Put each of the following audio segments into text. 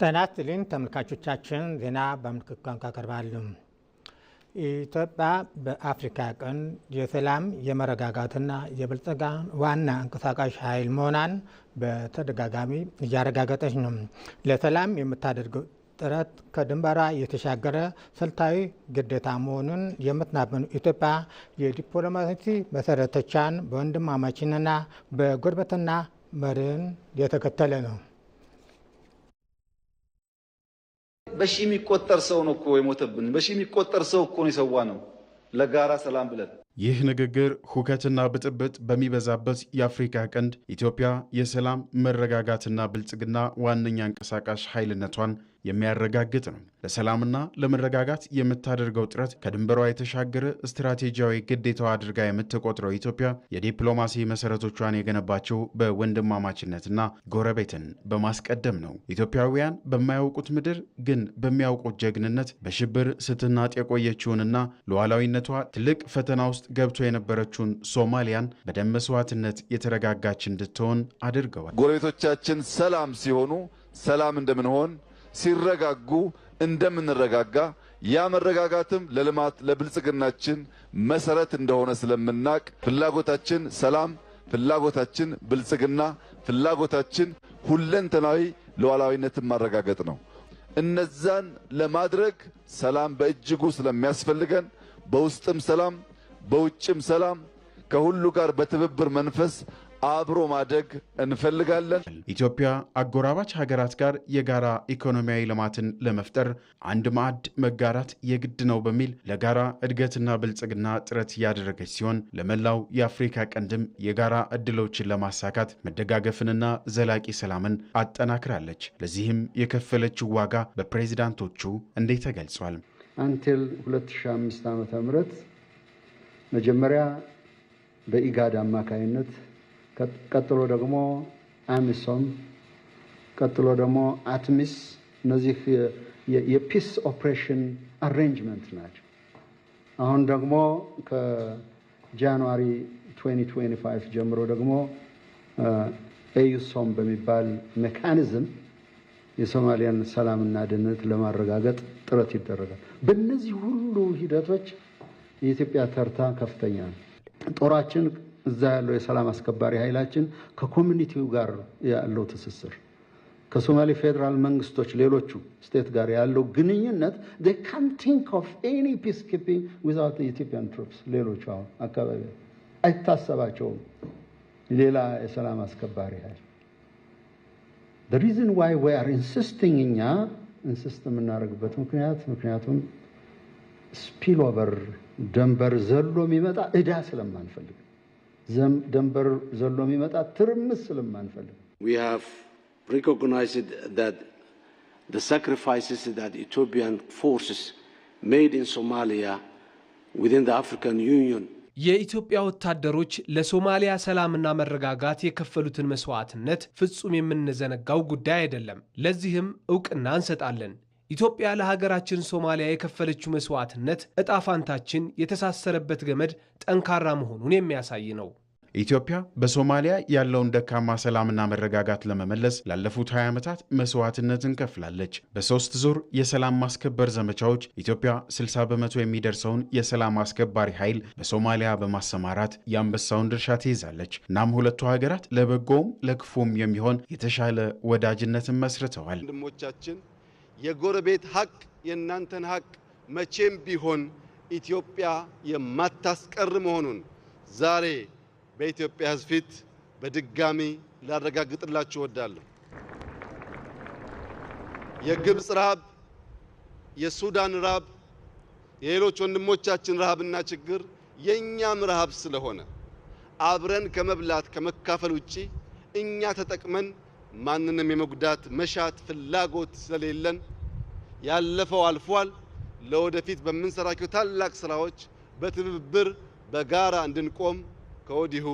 ጤና ይስጥልኝ ተመልካቾቻችን፣ ዜና በምልክት ቋንቋ ቀርባሉ። ኢትዮጵያ በአፍሪካ ቀንድ የሰላም የመረጋጋትና የብልጽጋ ዋና አንቀሳቃሽ ኃይል መሆኗን በተደጋጋሚ እያረጋገጠች ነው። ለሰላም የምታደርገው ጥረት ከድንበሯ የተሻገረ ስልታዊ ግዴታ መሆኑን የምትናምን ኢትዮጵያ የዲፕሎማሲ መሰረቶቿን በወንድማማችንና በጉርብትና መርህን የተከተለ ነው። በሺ የሚቆጠር ሰው ነው እኮ የሞተብን። በሺ የሚቆጠር ሰው እኮ ነው የሰዋ ነው ለጋራ ሰላም ብለን። ይህ ንግግር ሁከትና ብጥብጥ በሚበዛበት የአፍሪካ ቀንድ ኢትዮጵያ የሰላም መረጋጋትና ብልጽግና ዋነኛ እንቀሳቃሽ ኃይልነቷን የሚያረጋግጥ ነው። ለሰላምና ለመረጋጋት የምታደርገው ጥረት ከድንበሯ የተሻገረ ስትራቴጂያዊ ግዴታዋ አድርጋ የምትቆጥረው ኢትዮጵያ የዲፕሎማሲ መሰረቶቿን የገነባቸው በወንድማማችነትና ጎረቤትን በማስቀደም ነው። ኢትዮጵያውያን በማያውቁት ምድር ግን በሚያውቁት ጀግንነት በሽብር ስትናጥ የቆየችውንና ሉዓላዊነቷ ትልቅ ፈተና ውስጥ ገብቶ የነበረችውን ሶማሊያን በደም መስዋዕትነት የተረጋጋች እንድትሆን አድርገዋል። ጎረቤቶቻችን ሰላም ሲሆኑ ሰላም እንደምንሆን ሲረጋጉ እንደምንረጋጋ ያ መረጋጋትም ለልማት ለብልጽግናችን መሰረት እንደሆነ ስለምናቅ ፍላጎታችን ሰላም፣ ፍላጎታችን ብልጽግና፣ ፍላጎታችን ሁለንተናዊ ሉዓላዊነትን ማረጋገጥ ነው። እነዛን ለማድረግ ሰላም በእጅጉ ስለሚያስፈልገን በውስጥም ሰላም በውጭም ሰላም ከሁሉ ጋር በትብብር መንፈስ አብሮ ማደግ እንፈልጋለን። ኢትዮጵያ አጎራባች ሀገራት ጋር የጋራ ኢኮኖሚያዊ ልማትን ለመፍጠር አንድ ማዕድ መጋራት የግድ ነው በሚል ለጋራ እድገትና ብልጽግና ጥረት እያደረገች ሲሆን ለመላው የአፍሪካ ቀንድም የጋራ እድሎችን ለማሳካት መደጋገፍንና ዘላቂ ሰላምን አጠናክራለች። ለዚህም የከፈለችው ዋጋ በፕሬዚዳንቶቹ እንዴት ተገልጿል? አንቴል 2005 ዓ.ም መጀመሪያ በኢጋድ አማካይነት ቀጥሎ ደግሞ አሚሶም፣ ቀጥሎ ደግሞ አትሚስ። እነዚህ የፒስ ኦፕሬሽን አሬንጅመንት ናቸው። አሁን ደግሞ ከጃንዋሪ 2025 ጀምሮ ደግሞ ኤዩሶም በሚባል ሜካኒዝም የሶማሊያን ሰላምና ደህንነት ለማረጋገጥ ጥረት ይደረጋል። በእነዚህ ሁሉ ሂደቶች የኢትዮጵያ ተርታ ከፍተኛ ነው። ጦራችን እዛ ያለው የሰላም አስከባሪ ኃይላችን ከኮሚኒቲው ጋር ያለው ትስስር ከሶማሌ ፌዴራል መንግስቶች ሌሎቹ ስቴት ጋር ያለው ግንኙነት ካን ቲንክ ኦፍ ኤኒ ፒስ ኪፒንግ ዊዛውት ኢትዮጵያን ትሮፕስ ሌሎቹ አሁን አካባቢ አይታሰባቸውም ሌላ የሰላም አስከባሪ ኃይል ሪዝን ዋይ ዊ አር ኢንስስቲንግ እኛ ኢንስስት የምናደርግበት ምክንያት ምክንያቱም ስፒል ኦቨር ደንበር ዘሎ የሚመጣ እዳ ስለማንፈልግ ደንበር ዘሎ የሚመጣ ትርምስ ስለማንፈልግ we have recognized that the sacrifices that Ethiopian forces made in Somalia within the African Union የኢትዮጵያ ወታደሮች ለሶማሊያ ሰላምና መረጋጋት የከፈሉትን መስዋዕትነት ፍጹም የምንዘነጋው ጉዳይ አይደለም። ለዚህም እውቅና እንሰጣለን። ኢትዮጵያ ለሀገራችን ሶማሊያ የከፈለችው መስዋዕትነት እጣ ፋንታችን የተሳሰረበት ገመድ ጠንካራ መሆኑን የሚያሳይ ነው። ኢትዮጵያ በሶማሊያ ያለውን ደካማ ሰላምና መረጋጋት ለመመለስ ላለፉት 20 ዓመታት መስዋዕትነትን ከፍላለች። በሶስት ዙር የሰላም ማስከበር ዘመቻዎች ኢትዮጵያ 60 በመቶ የሚደርሰውን የሰላም አስከባሪ ኃይል በሶማሊያ በማሰማራት የአንበሳውን ድርሻ ትይዛለች። እናም ሁለቱ ሀገራት ለበጎውም ለክፉም የሚሆን የተሻለ ወዳጅነትን መስርተዋል። ወንድሞቻችን የጎረቤት ሀቅ የእናንተን ሀቅ መቼም ቢሆን ኢትዮጵያ የማታስቀር መሆኑን ዛሬ በኢትዮጵያ ሕዝብ ፊት በድጋሚ ላረጋግጥላችሁ እወዳለሁ። የግብፅ ረሃብ፣ የሱዳን ረሃብ፣ የሌሎች ወንድሞቻችን ረሃብና ችግር የእኛም ረሃብ ስለሆነ አብረን ከመብላት ከመካፈል ውጪ እኛ ተጠቅመን ማንንም የመጉዳት መሻት ፍላጎት ስለሌለን ያለፈው አልፏል። ለወደፊት በምንሰራቸው ታላቅ ስራዎች በትብብር በጋራ እንድንቆም ከወዲሁ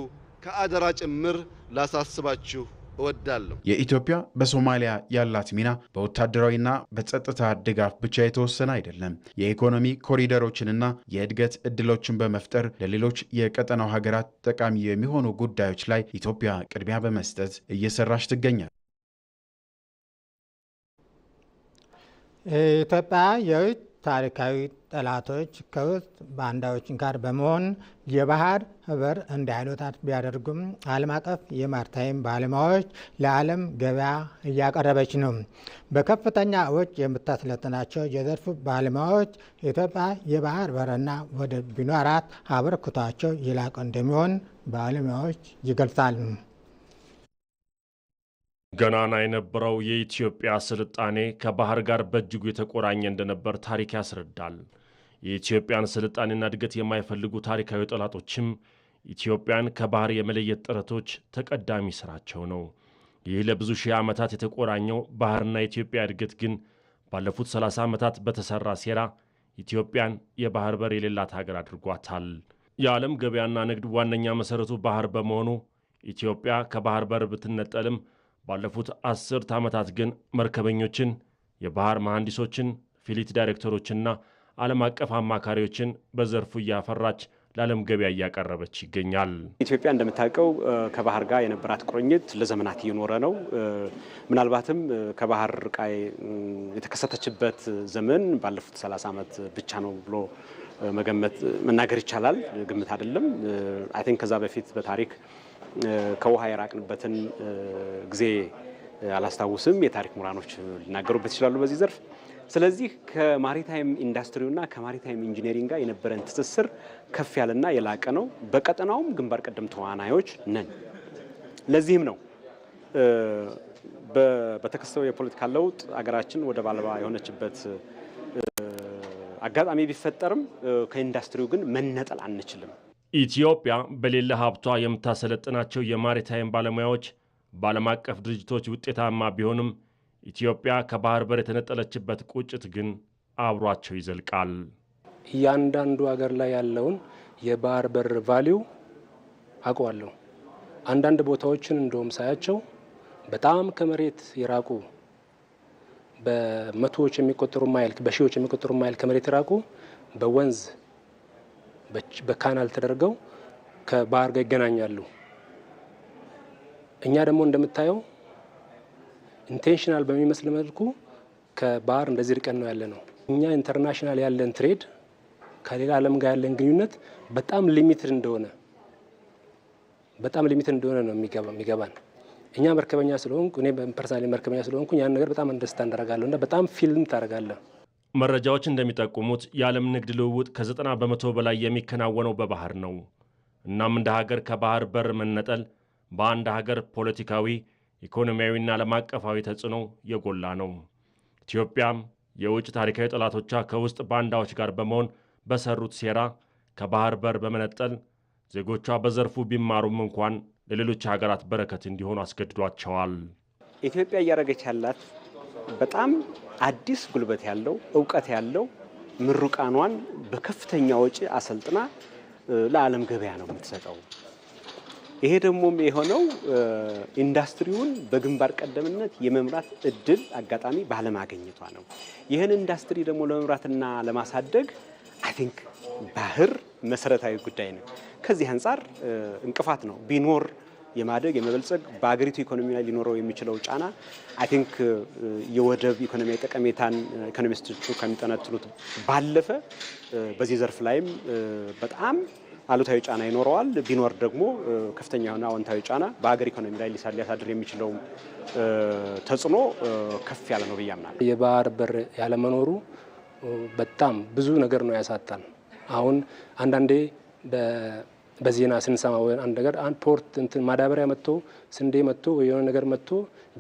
ከአደራ ጭምር ላሳስባችሁ እወዳለሁ። የኢትዮጵያ በሶማሊያ ያላት ሚና በወታደራዊና በጸጥታ ድጋፍ ብቻ የተወሰነ አይደለም። የኢኮኖሚ ኮሪደሮችንና የእድገት እድሎችን በመፍጠር ለሌሎች የቀጠናው ሀገራት ጠቃሚ የሚሆኑ ጉዳዮች ላይ ኢትዮጵያ ቅድሚያ በመስጠት እየሰራች ትገኛል። ኢትዮጵያ የውጭ ታሪካዊ ጠላቶች ከውስጥ ባንዳዎች ጋር በመሆን የባህር ህበር እንዳይሉታት ቢያደርጉም ዓለም አቀፍ የማርታይም ባለሙያዎች ለዓለም ገበያ እያቀረበች ነው። በከፍተኛ ወጪ የምታስለጥናቸው የዘርፉ ባለሙያዎች ኢትዮጵያ የባህር በርና ወደብ ቢኖራት አበርክቷቸው የላቀ እንደሚሆን ባለሙያዎች ይገልጻል። ገናና የነበረው የኢትዮጵያ ስልጣኔ ከባህር ጋር በእጅጉ የተቆራኘ እንደነበር ታሪክ ያስረዳል። የኢትዮጵያን ስልጣኔና እድገት የማይፈልጉ ታሪካዊ ጠላቶችም ኢትዮጵያን ከባህር የመለየት ጥረቶች ተቀዳሚ ስራቸው ነው። ይህ ለብዙ ሺህ ዓመታት የተቆራኘው ባህርና የኢትዮጵያ እድገት ግን ባለፉት 30 ዓመታት በተሠራ ሴራ ኢትዮጵያን የባህር በር የሌላት ሀገር አድርጓታል። የዓለም ገበያና ንግድ ዋነኛ መሠረቱ ባህር በመሆኑ ኢትዮጵያ ከባህር በር ብትነጠልም ባለፉት አስርት ዓመታት ግን መርከበኞችን፣ የባህር መሐንዲሶችን፣ ፊሊት ዳይሬክተሮችና ዓለም አቀፍ አማካሪዎችን በዘርፉ እያፈራች ለዓለም ገበያ እያቀረበች ይገኛል። ኢትዮጵያ እንደምታውቀው ከባህር ጋር የነበራት ቁርኝት ለዘመናት እየኖረ ነው። ምናልባትም ከባህር እቃ የተከሰተችበት ዘመን ባለፉት 30 ዓመት ብቻ ነው ብሎ መገመት መናገር ይቻላል። ግምት አይደለም። አይ ቲንክ ከዛ በፊት በታሪክ ከውሃ የራቅንበትን ጊዜ አላስታውስም። የታሪክ ምሁራኖች ሊናገሩበት ይችላሉ በዚህ ዘርፍ። ስለዚህ ከማሪታይም ኢንዱስትሪውና ከማሪታይም ኢንጂነሪንግ ጋር የነበረን ትስስር ከፍ ያለና የላቀ ነው። በቀጠናውም ግንባር ቀደም ተዋናዮች ነን። ለዚህም ነው በተከሰተው የፖለቲካ ለውጥ አገራችን ወደ ባልባ የሆነችበት አጋጣሚ ቢፈጠርም ከኢንዱስትሪው ግን መነጠል አንችልም። ኢትዮጵያ በሌለ ሀብቷ የምታሰለጥናቸው የማሪታይም ባለሙያዎች በዓለም አቀፍ ድርጅቶች ውጤታማ ቢሆንም ኢትዮጵያ ከባህር በር የተነጠለችበት ቁጭት ግን አብሯቸው ይዘልቃል። እያንዳንዱ ሀገር ላይ ያለውን የባህር በር ቫሊዩ አውቀዋለሁ። አንዳንድ ቦታዎችን እንደውም ሳያቸው በጣም ከመሬት የራቁ በመቶዎች የሚቆጠሩ ማይል በሺዎች የሚቆጠሩ ማይል ከመሬት የራቁ በወንዝ በካናል ተደርገው ከባህር ጋር ይገናኛሉ። እኛ ደግሞ እንደምታየው ኢንቴንሽናል በሚመስል መልኩ ከባህር እንደዚህ ርቀን ነው ያለ ነው። እኛ ኢንተርናሽናል ያለን ትሬድ ከሌላ ዓለም ጋር ያለን ግንኙነት በጣም ሊሚትድ እንደሆነ በጣም ሊሚትድ እንደሆነ ነው የሚገባን። እኛ መርከበኛ ስለሆንኩ እኔ ፐርሰናሊ መርከበኛ ስለሆንኩ ያን ነገር በጣም እንደስታ እንዳረጋለሁ እና በጣም ፊልም ታደረጋለሁ መረጃዎች እንደሚጠቁሙት የዓለም ንግድ ልውውጥ ከ90 በመቶ በላይ የሚከናወነው በባህር ነው። እናም እንደ ሀገር ከባህር በር መነጠል በአንድ ሀገር ፖለቲካዊ፣ ኢኮኖሚያዊና ዓለም አቀፋዊ ተጽዕኖ የጎላ ነው። ኢትዮጵያም የውጭ ታሪካዊ ጠላቶቿ ከውስጥ ባንዳዎች ጋር በመሆን በሰሩት ሴራ ከባህር በር በመነጠል ዜጎቿ በዘርፉ ቢማሩም እንኳን ለሌሎች ሀገራት በረከት እንዲሆኑ አስገድዷቸዋል። ኢትዮጵያ እያደረገች ያላት በጣም አዲስ ጉልበት ያለው እውቀት ያለው ምሩቃኗን በከፍተኛ ወጪ አሰልጥና ለዓለም ገበያ ነው የምትሰጠው። ይሄ ደግሞ የሆነው ኢንዱስትሪውን በግንባር ቀደምነት የመምራት እድል አጋጣሚ ባለማገኘቷ ነው። ይህን ኢንዱስትሪ ደግሞ ለመምራትና ለማሳደግ አይ ቲንክ ባህር መሰረታዊ ጉዳይ ነው። ከዚህ አንጻር እንቅፋት ነው ቢኖር የማደግ የመበልጸግ በሀገሪቱ ኢኮኖሚ ላይ ሊኖረው የሚችለው ጫና አይ ቲንክ uh, የወደብ ኢኮኖሚ ጠቀሜታን ኢኮኖሚስቶቹ ከሚጠነጥሉት ባለፈ uh, በዚህ ዘርፍ ላይም uh, በጣም አሉታዊ ጫና ይኖረዋል። ቢኖር ደግሞ ከፍተኛ የሆነ አዎንታዊ ጫና በሀገር ኢኮኖሚ ላይ ሊያሳድር የሚችለው ተጽዕኖ ከፍ ያለ ነው ብዬ አምናለሁ። የባህር በር ያለመኖሩ በጣም ብዙ ነገር ነው ያሳጣል። አሁን አንዳንዴ በዜና ስንሰማ ወይ አንድ ነገር አንድ ፖርት እንትን ማዳበሪያ መጥቶ ስንዴ መጥቶ ወይ የሆነ ነገር መጥቶ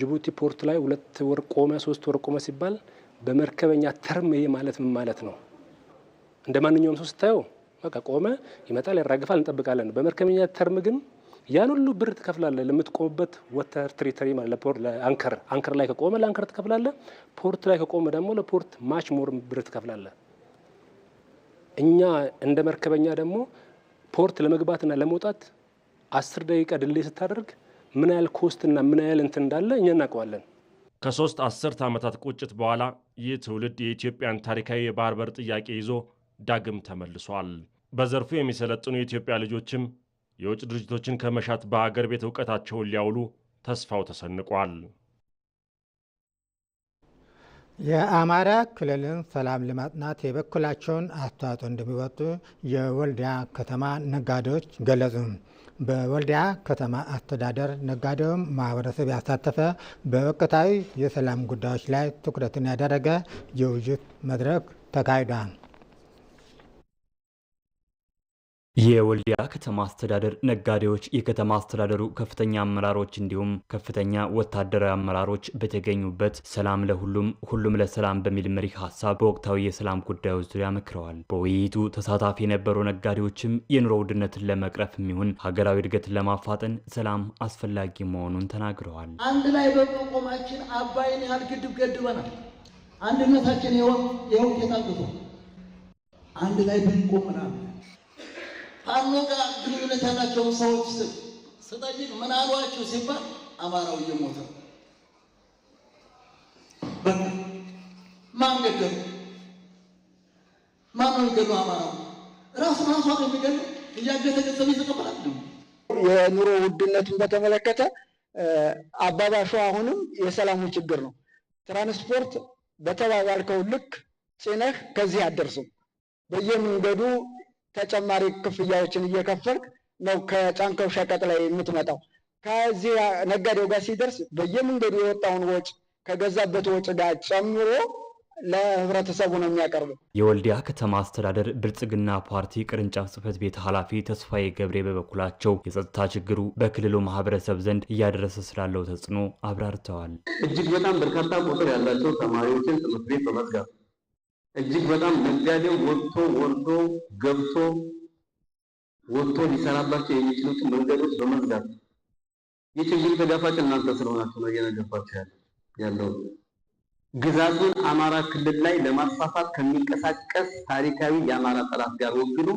ጅቡቲ ፖርት ላይ ሁለት ወር ቆመ፣ ሶስት ወር ቆመ ሲባል በመርከበኛ ተርም ይሄ ማለት ምን ማለት ነው? እንደ ማንኛውም ሰው ስታየው በቃ ቆመ፣ ይመጣል፣ ያራግፋል፣ እንጠብቃለን። በመርከበኛ ተርም ግን ያን ሁሉ ብር ትከፍላለህ ለምትቆምበት ወተር ትሪተሪ ማለት ለፖርት ለአንከር አንከር ላይ ከቆመ ለአንከር ትከፍላለህ። ፖርት ላይ ከቆመ ደግሞ ለፖርት ማች ሞር ብር ትከፍላለህ። እኛ እንደ መርከበኛ ደግሞ ፖርት ለመግባትና ለመውጣት አስር ደቂቃ ድሌ ስታደርግ ምን ያህል ኮስትና ምን ያህል እንትን እንዳለ እኛ እናውቀዋለን። ከሶስት አስርት ዓመታት ቁጭት በኋላ ይህ ትውልድ የኢትዮጵያን ታሪካዊ የባህር በር ጥያቄ ይዞ ዳግም ተመልሷል። በዘርፉ የሚሰለጥኑ የኢትዮጵያ ልጆችም የውጭ ድርጅቶችን ከመሻት በአገር ቤት እውቀታቸውን ሊያውሉ ተስፋው ተሰንቋል። የአማራ ክልልን ሰላም ለማጽናት የበኩላቸውን አስተዋጽኦ እንደሚወጡ የወልዲያ ከተማ ነጋዴዎች ገለጹ። በወልዲያ ከተማ አስተዳደር ነጋዴውም ማህበረሰብ ያሳተፈ በወቅታዊ የሰላም ጉዳዮች ላይ ትኩረትን ያደረገ የውይይት መድረክ ተካሂዷል። የወልዲያ ከተማ አስተዳደር ነጋዴዎች፣ የከተማ አስተዳደሩ ከፍተኛ አመራሮች እንዲሁም ከፍተኛ ወታደራዊ አመራሮች በተገኙበት ሰላም ለሁሉም ሁሉም ለሰላም በሚል መሪ ሀሳብ በወቅታዊ የሰላም ጉዳዮች ዙሪያ መክረዋል። በውይይቱ ተሳታፊ የነበሩ ነጋዴዎችም የኑሮ ውድነትን ለመቅረፍ የሚሆን ሀገራዊ እድገትን ለማፋጠን ሰላም አስፈላጊ መሆኑን ተናግረዋል። አንድ ላይ በመቆማችን አባይን ያህል ግድብ ገድበናል። አንድነታችን ይኸው አንድ ላይ ብንቆምና ፋኖ ጋር ግንኙነት ያላቸውን ሰዎች ስጠይቅ ምን አሏቸው ሲባል አማራው እየሞተ በቃ ማን ገደሉ? ማን ነው የሚገሉ? አማራው ራሱ ራሱ ነው የሚገሉ። እያገተ ገጠሉ ይተቀበላል። የኑሮ ውድነቱን በተመለከተ አባባሹ አሁንም የሰላሙ ችግር ነው። ትራንስፖርት በተባባልከው ልክ ጭነህ ከዚህ አደርስም በየመንገዱ ተጨማሪ ክፍያዎችን እየከፈልክ ነው ከጫንከው ሸቀጥ ላይ የምትመጣው። ከዚህ ነጋዴው ጋር ሲደርስ በየመንገዱ የወጣውን ወጭ ከገዛበት ወጭ ጋር ጨምሮ ለህብረተሰቡ ነው የሚያቀርበው። የወልዲያ ከተማ አስተዳደር ብልጽግና ፓርቲ ቅርንጫፍ ጽህፈት ቤት ኃላፊ ተስፋዬ ገብሬ በበኩላቸው የጸጥታ ችግሩ በክልሉ ማህበረሰብ ዘንድ እያደረሰ ስላለው ተጽዕኖ አብራርተዋል። እጅግ በጣም በርካታ ቁጥር ያላቸው ተማሪዎችን ትምህርት ቤት በመዝጋት እጅግ በጣም ነጋዴው ወጥቶ ወርዶ ገብቶ ወጥቶ ሊሰራባቸው የሚችሉት መንገዶች በመዝጋት የችግሩ ተጋፋጭ እናንተ ስለሆናችሁ ነው እየነገርኳችሁ ያለው። ግዛቱን አማራ ክልል ላይ ለማስፋፋት ከሚንቀሳቀስ ታሪካዊ የአማራ ጠላት ጋር ወግዱ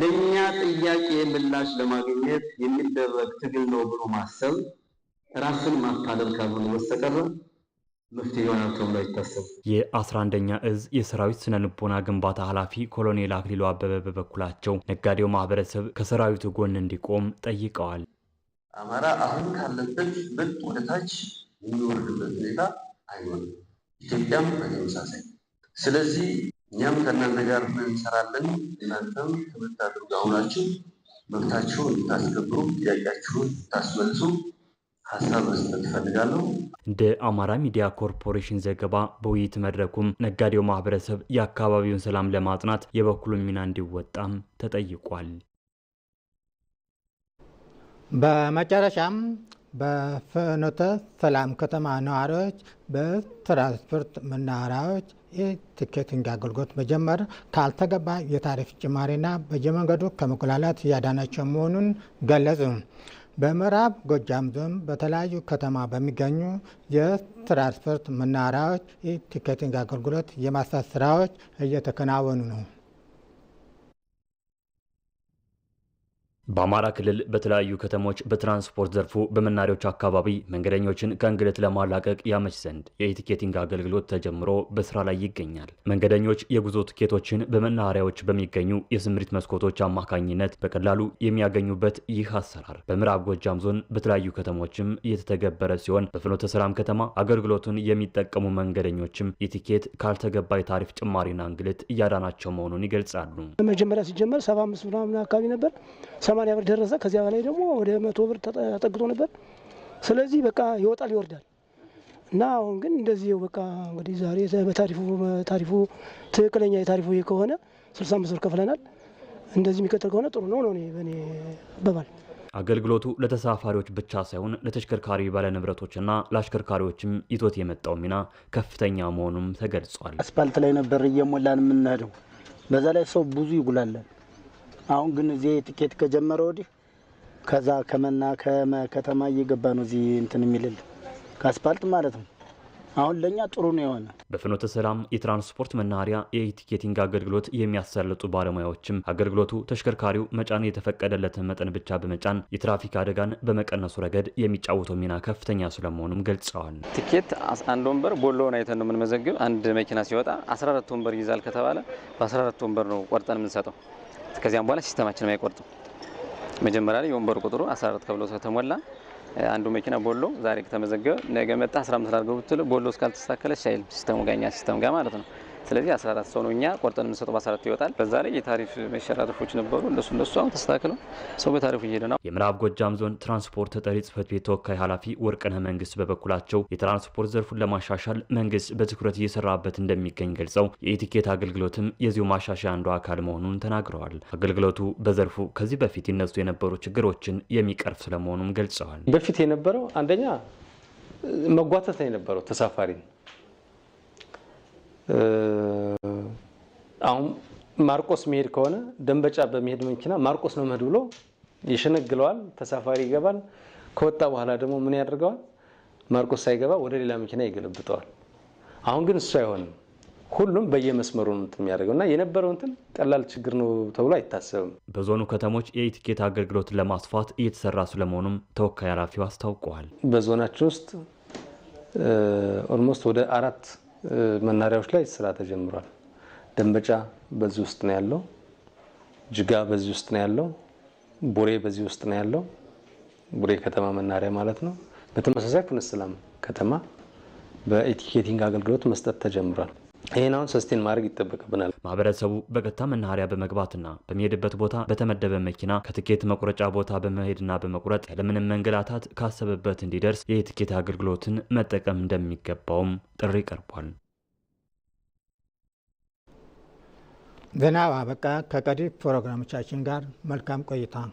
ለኛ ጥያቄ ምላሽ ለማግኘት የሚደረግ ትግል ነው ብሎ ማሰብ ራስን ማታለል ካልሆነ በስተቀር መፍትሄ ይሆናል ተብሎ የ የ11ኛ እዝ የሰራዊት ስነ ልቦና ግንባታ ኃላፊ ኮሎኔል አክሊሉ አበበ በበኩላቸው ነጋዴው ማህበረሰብ ከሰራዊቱ ጎን እንዲቆም ጠይቀዋል። አማራ አሁን ካለበት ብልጥ ወደታች የሚወርድበት ሁኔታ አይሆንም፣ ኢትዮጵያም በተመሳሳይ። ስለዚህ እኛም ከእናንተ ጋር እንሰራለን፣ እናንተም ትምህርት አድርጉ። አሁናችሁ መብታችሁን እንድታስከብሩ፣ ጥያቄያችሁን እንድታስመልሱ ሀሳብ መስጠት እፈልጋለሁ። እንደ አማራ ሚዲያ ኮርፖሬሽን ዘገባ በውይይት መድረኩም ነጋዴው ማህበረሰብ የአካባቢውን ሰላም ለማጽናት የበኩሉን ሚና እንዲወጣም ተጠይቋል። በመጨረሻም በፍኖተ ሰላም ከተማ ነዋሪዎች በትራንስፖርት መናኸሪያዎች የትኬቲንግ አገልግሎት መጀመር ካልተገባ የታሪፍ ጭማሪና በየመንገዱ ከመጉላላት እያዳናቸው መሆኑን ገለጹ። በምዕራብ ጎጃም ዞን በተለያዩ ከተማ በሚገኙ የትራንስፖርት መናኸሪያዎች የቲኬቲንግ አገልግሎት የማስፋት ስራዎች እየተከናወኑ ነው። በአማራ ክልል በተለያዩ ከተሞች በትራንስፖርት ዘርፉ በመናሪያዎች አካባቢ መንገደኞችን ከእንግልት ለማላቀቅ ያመች ዘንድ የኢቲኬቲንግ አገልግሎት ተጀምሮ በስራ ላይ ይገኛል። መንገደኞች የጉዞ ትኬቶችን በመናኸሪያዎች በሚገኙ የስምሪት መስኮቶች አማካኝነት በቀላሉ የሚያገኙበት ይህ አሰራር በምዕራብ ጎጃም ዞን በተለያዩ ከተሞችም እየተተገበረ ሲሆን በፍኖተ ሰላም ከተማ አገልግሎቱን የሚጠቀሙ መንገደኞችም የቲኬት ካልተገባ የታሪፍ ጭማሪና እንግልት እያዳናቸው መሆኑን ይገልጻሉ። መጀመሪያ ሲጀመር 75 ምናምን አካባቢ ነበር ሰማንያ ብር ደረሰ። ከዚያ በላይ ደግሞ ወደ መቶ ብር ተጠግቶ ነበር። ስለዚህ በቃ ይወጣል ይወርዳል እና አሁን ግን እንደዚህ በቃ እንግዲህ ዛሬ በታሪፉ ታሪፉ ትክክለኛ የታሪፉ ከሆነ ስልሳ አምስት ብር ከፍለናል። እንደዚህ የሚቀጥል ከሆነ ጥሩ ነው ነው በእኔ በባል አገልግሎቱ ለተሳፋሪዎች ብቻ ሳይሆን ለተሽከርካሪ ባለንብረቶችና ለአሽከርካሪዎችም ይቶት የመጣው ሚና ከፍተኛ መሆኑም ተገልጿል። አስፓልት ላይ ነበር እየሞላን የምንሄደው። በዛ ላይ ሰው ብዙ ይጉላለን። አሁን ግን እዚህ ትኬት ከጀመረ ወዲህ ከዛ ከመና ከተማ እየገባ ነው እዚህ እንትን የሚልል ከአስፓልት ማለት ነው። አሁን ለእኛ ጥሩ ነው የሆነ። በፍኖተ ሰላም የትራንስፖርት መናኸሪያ የኢቲኬቲንግ አገልግሎት የሚያሳልጡ ባለሙያዎችም አገልግሎቱ ተሽከርካሪው መጫን የተፈቀደለትን መጠን ብቻ በመጫን የትራፊክ አደጋን በመቀነሱ ረገድ የሚጫወተው ሚና ከፍተኛ ስለመሆኑም ገልጸዋል። ትኬት አንድ ወንበር ቦሎውን አይተን ነው የምንመዘግብ። አንድ መኪና ሲወጣ 14 ወንበር ይይዛል ከተባለ በ14 ወንበር ነው ቆርጠን የምንሰጠው። ከዚያም በኋላ ሲስተማችንም አይቆርጥም። መጀመሪያ ላይ የወንበር ቁጥሩ 14 ተብሎ ከተሞላ አንዱ መኪና ቦሎ ዛሬ ከተመዘገበ ነገ መጣ 15 አድርገው ብትል ቦሎ እስካልተስተካከለች አይልም። ሲስተሙ ጋኛ ሲስተም ጋር ማለት ነው። ስለዚህ 14 ሰው ነው እኛ ቆርጠን የምንሰጠው በ14 ይወጣል። በዛ ላይ የታሪፍ መሸራረፎች ነበሩ። እነሱ እነሱ አሁን ተስተካክለው ሰው በታሪፉ እየሄደ ነው። የምዕራብ ጎጃም ዞን ትራንስፖርት ተጠሪ ጽህፈት ቤት ተወካይ ኃላፊ ወርቅነህ መንግስት በበኩላቸው የትራንስፖርት ዘርፉን ለማሻሻል መንግስት በትኩረት እየሰራበት እንደሚገኝ ገልጸው የኢቲኬት አገልግሎትም የዚሁ ማሻሻያ አንዱ አካል መሆኑን ተናግረዋል። አገልግሎቱ በዘርፉ ከዚህ በፊት ይነሱ የነበሩ ችግሮችን የሚቀርፍ ስለመሆኑም ገልጸዋል። በፊት የነበረው አንደኛ መጓተት ነው የነበረው ተሳፋሪ አሁን ማርቆስ መሄድ ከሆነ ደንበጫ በመሄድ መኪና ማርቆስ ነው መሄድ ብሎ ይሸነግለዋል። ተሳፋሪ ይገባል። ከወጣ በኋላ ደግሞ ምን ያደርገዋል? ማርቆስ ሳይገባ ወደ ሌላ መኪና ይገለብጠዋል። አሁን ግን እሱ አይሆንም። ሁሉም በየመስመሩ ነው የሚያደርገው እና የነበረው እንትን ቀላል ችግር ነው ተብሎ አይታሰብም። በዞኑ ከተሞች የኢቲኬት አገልግሎትን ለማስፋት እየተሰራ ስለመሆኑም ተወካይ ኃላፊው አስታውቀዋል። በዞናችን ውስጥ ኦልሞስት ወደ አራት መናሪያዎች ላይ ስራ ተጀምሯል። ደንበጫ በዚህ ውስጥ ነው ያለው፣ ጅጋ በዚህ ውስጥ ነው ያለው፣ ቡሬ በዚህ ውስጥ ነው ያለው፣ ቡሬ ከተማ መናሪያ ማለት ነው። በተመሳሳይ ፍኖተ ሰላም ከተማ በኢቲኬቲንግ አገልግሎት መስጠት ተጀምሯል። ይህን አሁን ሰስቴን ማድረግ ይጠበቅብናል። ማህበረሰቡ በቀጥታ መናኸሪያ በመግባትና በሚሄድበት ቦታ በተመደበ መኪና ከትኬት መቁረጫ ቦታ በመሄድና በመቁረጥ ያለምንም መንገላታት ካሰበበት እንዲደርስ የትኬት አገልግሎትን መጠቀም እንደሚገባውም ጥሪ ቀርቧል። ዜናዋ በቃ ከቀዲ ፕሮግራሞቻችን ጋር መልካም ቆይታ